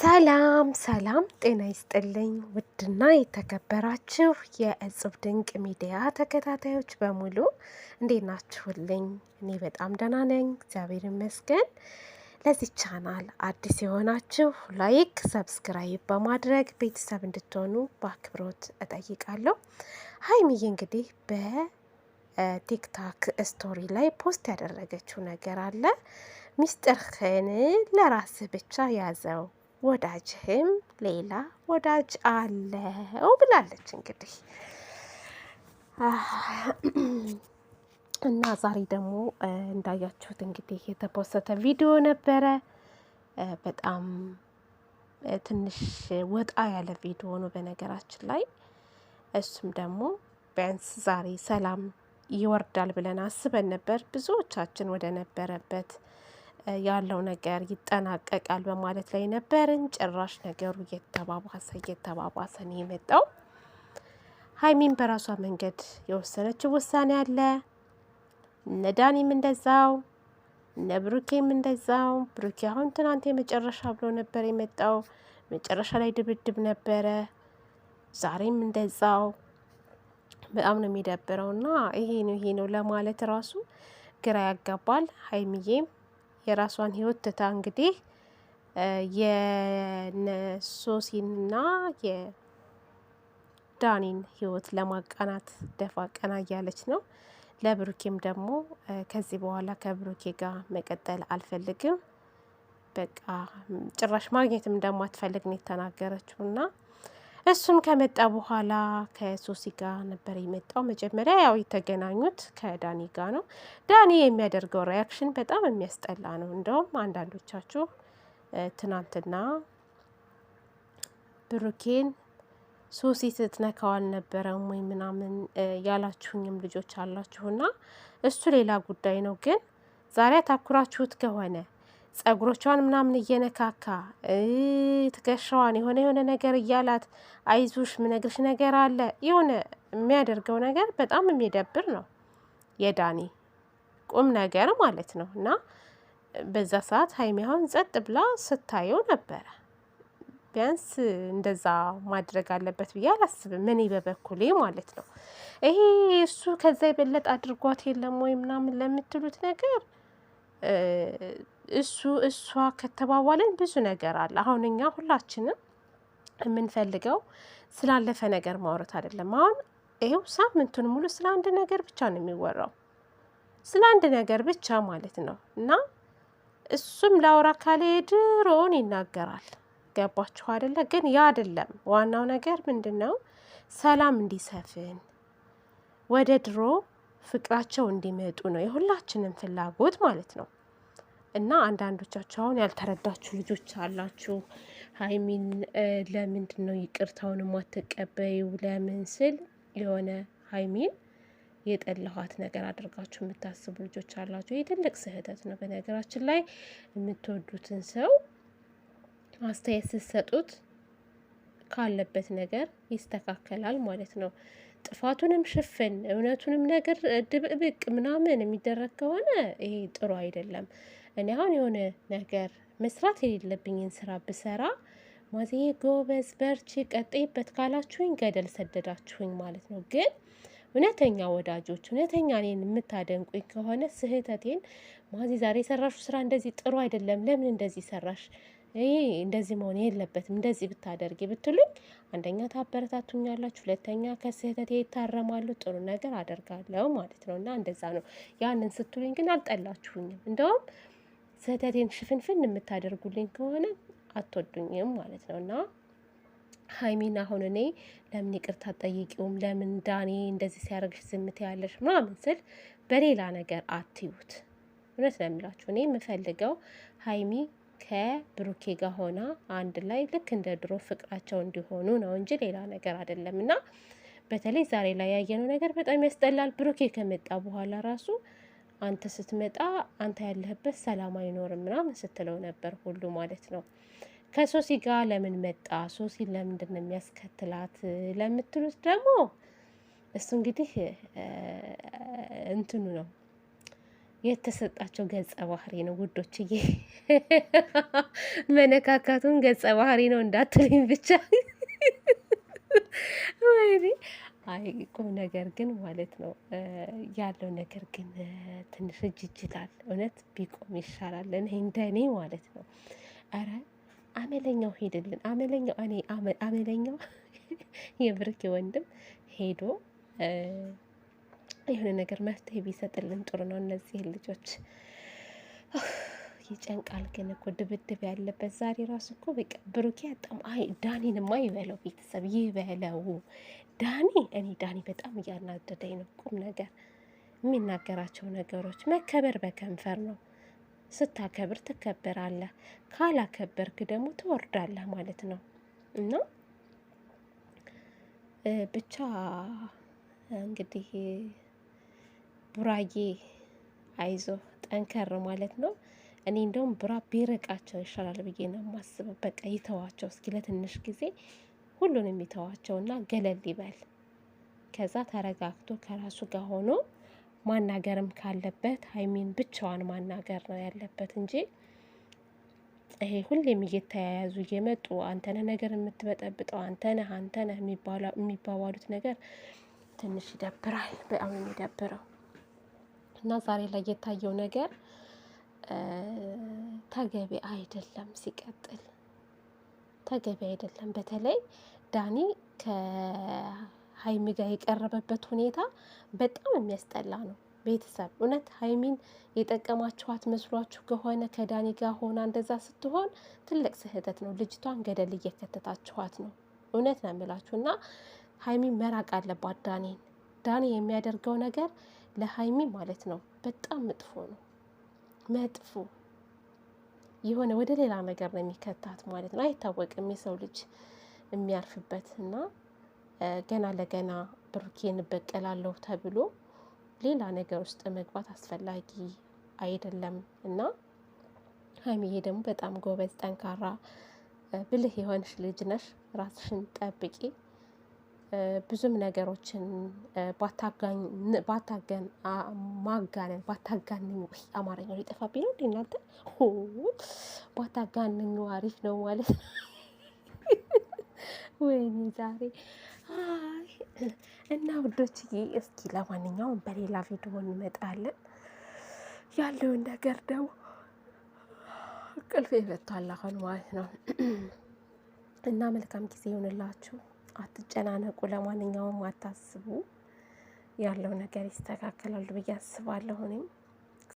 ሰላም ሰላም፣ ጤና ይስጥልኝ ውድና የተከበራችሁ የእጽብ ድንቅ ሚዲያ ተከታታዮች በሙሉ እንዴት ናችሁልኝ? እኔ በጣም ደህና ነኝ፣ እግዚአብሔር ይመስገን። ለዚህ ቻናል አዲስ የሆናችሁ ላይክ፣ ሰብስክራይብ በማድረግ ቤተሰብ እንድትሆኑ በአክብሮት እጠይቃለሁ። ሀይሚዬ እንግዲህ በቲክታክ ስቶሪ ላይ ፖስት ያደረገችው ነገር አለ። ሚስጥርህን ለራስህ ብቻ ያዘው ወዳጅህም ሌላ ወዳጅ አለው ብላለች። እንግዲህ እና ዛሬ ደግሞ እንዳያችሁት እንግዲህ የተፖሰተ ቪዲዮ ነበረ። በጣም ትንሽ ወጣ ያለ ቪዲዮ ነው በነገራችን ላይ። እሱም ደግሞ ቢያንስ ዛሬ ሰላም ይወርዳል ብለን አስበን ነበር። ብዙዎቻችን ወደ ነበረበት ያለው ነገር ይጠናቀቃል በማለት ላይ ነበርን። ጭራሽ ነገሩ እየተባባሰ እየተባባሰ ነው የመጣው። ሀይሚን በራሷ መንገድ የወሰነችው ውሳኔ አለ። ነዳኒም እንደዛው፣ ነብሩኬም እንደዛው። ብሩኬ አሁን ትናንት የመጨረሻ ብሎ ነበር የመጣው። መጨረሻ ላይ ድብድብ ነበረ። ዛሬም እንደዛው። በጣም ነው የሚደብረው እና ይሄ ነው ይሄ ነው ለማለት ራሱ ግራ ያጋባል። ሀይሚዬም የራሷን ህይወት ትታ እንግዲህ የነሶሲንና የዳኒን ህይወት ለማቃናት ደፋ ቀና እያለች ነው። ለብሩኬም ደግሞ ከዚህ በኋላ ከብሩኬ ጋር መቀጠል አልፈልግም፣ በቃ ጭራሽ ማግኘትም ደግሞ አትፈልግ ነው የተናገረችው እና እሱም ከመጣ በኋላ ከሶሲ ጋር ነበር የመጣው። መጀመሪያ ያው የተገናኙት ከዳኒ ጋር ነው። ዳኒ የሚያደርገው ሪያክሽን በጣም የሚያስጠላ ነው። እንደውም አንዳንዶቻችሁ ትናንትና ብሩኬን ሶሲ ስትነካው አልነበረም ወይ ምናምን ያላችሁኝም ልጆች አላችሁና እሱ ሌላ ጉዳይ ነው። ግን ዛሬ አታኩራችሁት ከሆነ ጸጉሮቿን ምናምን እየነካካ ትከሻዋን የሆነ የሆነ ነገር እያላት አይዞሽ ምነግርሽ ነገር አለ የሆነ የሚያደርገው ነገር በጣም የሚደብር ነው። የዳኒ ቁም ነገር ማለት ነው። እና በዛ ሰዓት ሀይሚ አሁን ጸጥ ብላ ስታየው ነበረ። ቢያንስ እንደዛ ማድረግ አለበት ብዬ አላስብም። እኔ በበኩሌ ማለት ነው። ይሄ እሱ ከዛ የበለጠ አድርጓት የለም ወይ ምናምን ለምትሉት ነገር እሱ እሷ ከተባባልን ብዙ ነገር አለ። አሁን እኛ ሁላችንም የምንፈልገው ስላለፈ ነገር ማውረት አይደለም። አሁን ይኸው ሳምንቱን ሙሉ ስለ አንድ ነገር ብቻ ነው የሚወራው፣ ስለ አንድ ነገር ብቻ ማለት ነው። እና እሱም ላውራ ካለ ድሮን ይናገራል። ገባችሁ አይደለ? ግን ያ አይደለም ዋናው ነገር ምንድን ነው? ሰላም እንዲሰፍን ወደ ድሮ ፍቅራቸው እንዲመጡ ነው የሁላችንም ፍላጎት ማለት ነው። እና አንዳንዶቻችሁ አሁን ያልተረዳችሁ ልጆች አላችሁ። ሀይሚን ለምንድን ነው ይቅርታውን የማትቀበዩ? ለምን ስል የሆነ ሀይሚን የጠላኋት ነገር አድርጋችሁ የምታስቡ ልጆች አላችሁ። ይህ ትልቅ ስህተት ነው። በነገራችን ላይ የምትወዱትን ሰው አስተያየት ስትሰጡት ካለበት ነገር ይስተካከላል ማለት ነው። ጥፋቱንም ሽፍን እውነቱንም ነገር ድብቅብቅ ምናምን የሚደረግ ከሆነ ይሄ ጥሩ አይደለም። እኔ አሁን የሆነ ነገር መስራት የሌለብኝን ስራ ብሰራ ማዘዬ ጎበዝ፣ በርቺ፣ ቀጤበት ካላችሁኝ ገደል ሰደዳችሁኝ ማለት ነው። ግን እውነተኛ ወዳጆች፣ እውነተኛ እኔን የምታደንቁኝ ከሆነ ስህተቴን ማዚ፣ ዛሬ የሰራሹ ስራ እንደዚህ ጥሩ አይደለም፣ ለምን እንደዚህ ሰራሽ? ይህ እንደዚህ መሆን የለበትም፣ እንደዚህ ብታደርጊ ብትሉኝ፣ አንደኛ ታበረታቱኛላችሁ፣ ሁለተኛ ከስህተቴ ይታረማሉ፣ ጥሩ ነገር አደርጋለሁ ማለት ነው። እና እንደዛ ነው። ያንን ስትሉኝ ግን አልጠላችሁኝም እንደውም ስህተቴን ሽፍንፍን የምታደርጉልኝ ከሆነ አትወዱኝም ማለት ነው እና ሀይሚን አሁን እኔ ለምን ይቅርታ ጠይቂውም ለምን ዳኔ እንደዚህ ሲያደርግሽ ዝምት ያለሽ ምናምን ስል በሌላ ነገር አትዩት። እውነት ነው የምላችሁ። እኔ የምፈልገው ሀይሚ ከብሩኬ ጋር ሆና አንድ ላይ ልክ እንደ ድሮ ፍቅራቸው እንዲሆኑ ነው እንጂ ሌላ ነገር አይደለም። እና በተለይ ዛሬ ላይ ያየነው ነገር በጣም ያስጠላል። ብሩኬ ከመጣ በኋላ ራሱ አንተ ስትመጣ አንተ ያለህበት ሰላም አይኖርም ምናምን ስትለው ነበር ሁሉ ማለት ነው። ከሶሲ ጋር ለምን መጣ፣ ሶሲ ለምንድን ነው የሚያስከትላት ለምትሉት ደግሞ እሱ እንግዲህ እንትኑ ነው የተሰጣቸው ገጸ ባህሪ ነው ውዶችዬ፣ መነካካቱን ገጸ ባህሪ ነው እንዳትልኝ ብቻ ወይኔ አይ ቁም ነገር ግን ማለት ነው ያለው ነገር ግን ትንሽ እጅ እጅ እውነት ቢቆም ይሻላል። እኔ እንደኔ ማለት ነው። ኧረ አመለኛው ሄድልን። አመለኛው እኔ አመለኛው የብሩኬ ወንድም ሄዶ የሆነ ነገር መፍትሄ ቢሰጥልን ጥሩ ነው። እነዚህን ልጆች ይጨንቃል ግን እኮ ድብድብ ያለበት ዛሬ ራሱ እኮ በቃ ብሩኬ ያጣም አይ ዳኒንማ ይበለው ቤተሰብ ይበለው ዳኒ። እኔ ዳኒ በጣም እያናደደኝ ነው። ቁም ነገር የሚናገራቸው ነገሮች መከበር በከንፈር ነው። ስታከብር ትከበራለህ፣ ካላከበርክ ደግሞ ትወርዳለህ ማለት ነው እና ብቻ እንግዲህ ቡራዬ አይዞ ጠንከር ማለት ነው። እኔ እንደውም ብራ ቢርቃቸው ይሻላል ብዬ ነው የማስበው። በቃ ይተዋቸው እስኪ ለትንሽ ጊዜ ሁሉንም ይተዋቸውና ገለል ይበል። ከዛ ተረጋግቶ ከራሱ ጋር ሆኖ ማናገርም ካለበት ሀይሚን ብቻዋን ማናገር ነው ያለበት እንጂ ይሄ ሁሌም እየተያያዙ እየመጡ አንተነ ነገር የምትበጠብጠው አንተነ አንተነ የሚባባሉት ነገር ትንሽ ይደብራል። በጣም የሚደብረው እና ዛሬ ላይ የታየው ነገር ተገቢ አይደለም። ሲቀጥል ተገቢ አይደለም። በተለይ ዳኒ ከሀይሚ ጋር የቀረበበት ሁኔታ በጣም የሚያስጠላ ነው። ቤተሰብ እውነት ሀይሚን የጠቀማችኋት መስሏችሁ ከሆነ ከዳኒ ጋር ሆና እንደዛ ስትሆን ትልቅ ስህተት ነው። ልጅቷን ገደል እየከተታችኋት ነው። እውነት ነው የምላችሁ እና ሀይሚን መራቅ አለባት ዳኒን። ዳኒ የሚያደርገው ነገር ለሀይሚ ማለት ነው በጣም መጥፎ ነው። መጥፎ የሆነ ወደ ሌላ ነገር ነው የሚከታት ማለት ነው። አይታወቅም የሰው ልጅ የሚያርፍበት እና ገና ለገና ብሩኬን በቀላለሁ ተብሎ ሌላ ነገር ውስጥ መግባት አስፈላጊ አይደለም እና ይሄ ደግሞ በጣም ጎበዝ፣ ጠንካራ፣ ብልህ የሆንሽ ልጅ ነሽ። ራስሽን ጠብቂ። ብዙም ነገሮችን ባታገን ማጋነን ባታጋንኙ አማርኛው ሊጠፋብኝ ነው። እናንተ ባታጋንኙ አሪፍ ነው ማለት ነው። ወይኔ ዛሬ እና ውዶችዬ፣ እስኪ ለማንኛውም በሌላ ቪዲዮ እንመጣለን። ያለውን ነገር ደው ቅልፍ ይበቷል አሁን ማለት ነው እና መልካም ጊዜ ይሆንላችሁ። አትጨናነቁ። ለማንኛውም አታስቡ፣ ያለው ነገር ይስተካከላል ብዬ አስባለሁ እኔም